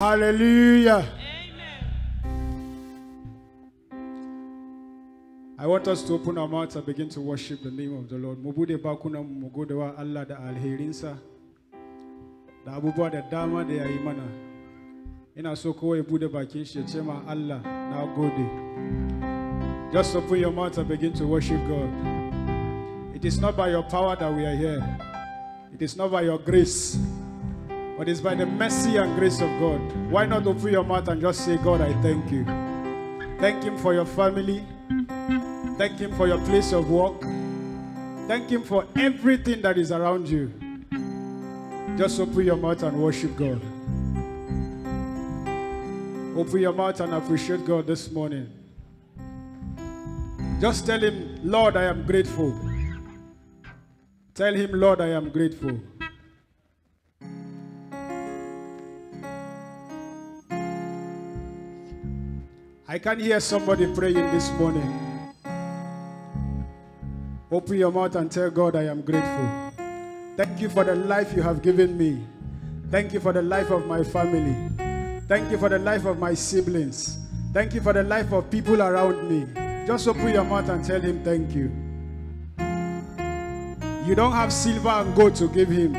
Hallelujah. Amen. I want us to open our mouths and begin to worship the name of the Lord. Mubude bakuna mugodewa Allah da alherinsa. Da abubuwa da dama da yayi mana. Ina soko kowa ya bude bakin shi ma Allah na gode. Just open your mouth and begin to worship God. It is not by your power that we are here. It is not by your grace. But it's by the mercy and grace of God. Why not open your mouth and just say, God, I thank you. Thank Him for your family. Thank Him for your place of work. Thank Him for everything that is around you. Just open your mouth and worship God. Open your mouth and appreciate God this morning. Just tell Him, Lord, I am grateful. Tell Him, Lord, I am grateful. I can hear somebody praying this morning. Open your mouth and tell God, I am grateful. Thank you for the life you have given me. Thank you for the life of my family. Thank you for the life of my siblings. Thank you for the life of people around me. Just open your mouth and tell him thank you. You don't have silver and gold to give him.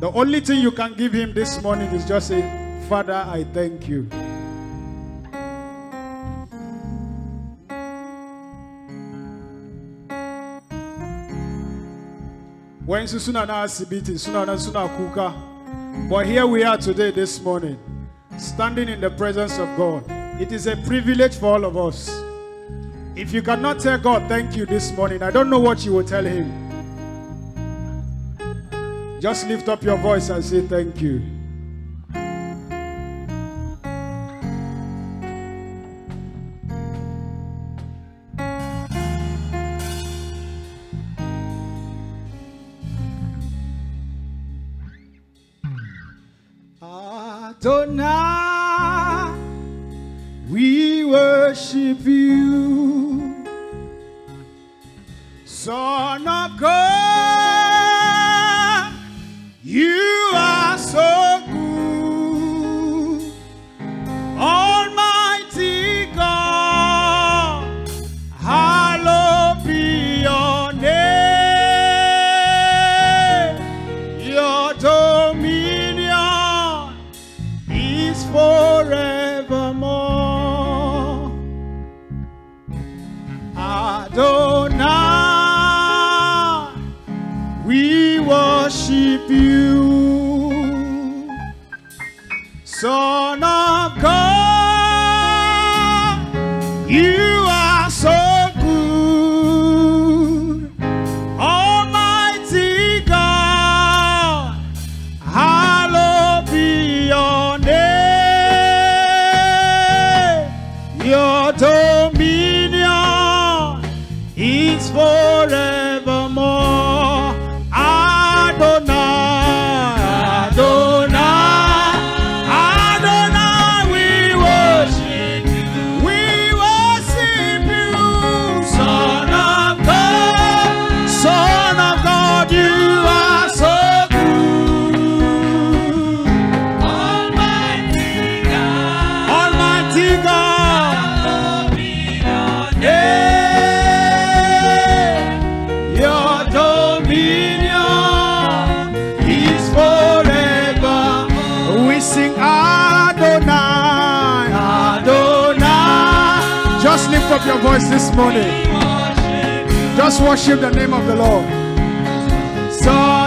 The only thing you can give him this morning is just say, Father, I thank you. Wensu suna na asibiti, suna suna kuka. But here we are today, this morning, standing in the presence of God. It is a privilege for all of us. If you cannot tell God thank you this morning, I don't know what you will tell Him. Just lift up your voice and say thank you. Adonai, we worship you, Son of God, you worship you, Son of God. You are so good, Almighty God. Hallowed be your name. Your dominion is forever. lift up your voice this morning. Just worship the name of the Lord. So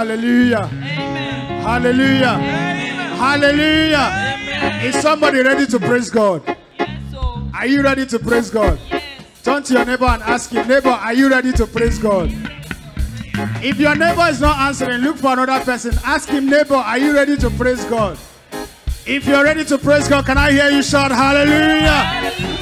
Hallelujah. Amen. Hallelujah. Amen. Hallelujah. Amen. Is somebody ready to praise God? Yes, Are you ready to praise God? Yes. Turn to your neighbor and ask him, neighbor, are you ready to praise God? If your neighbor is not answering, look for another person. Ask him, neighbor, are you ready to praise God? If you're ready to praise God, can I hear you shout hallelujah. hallelujah.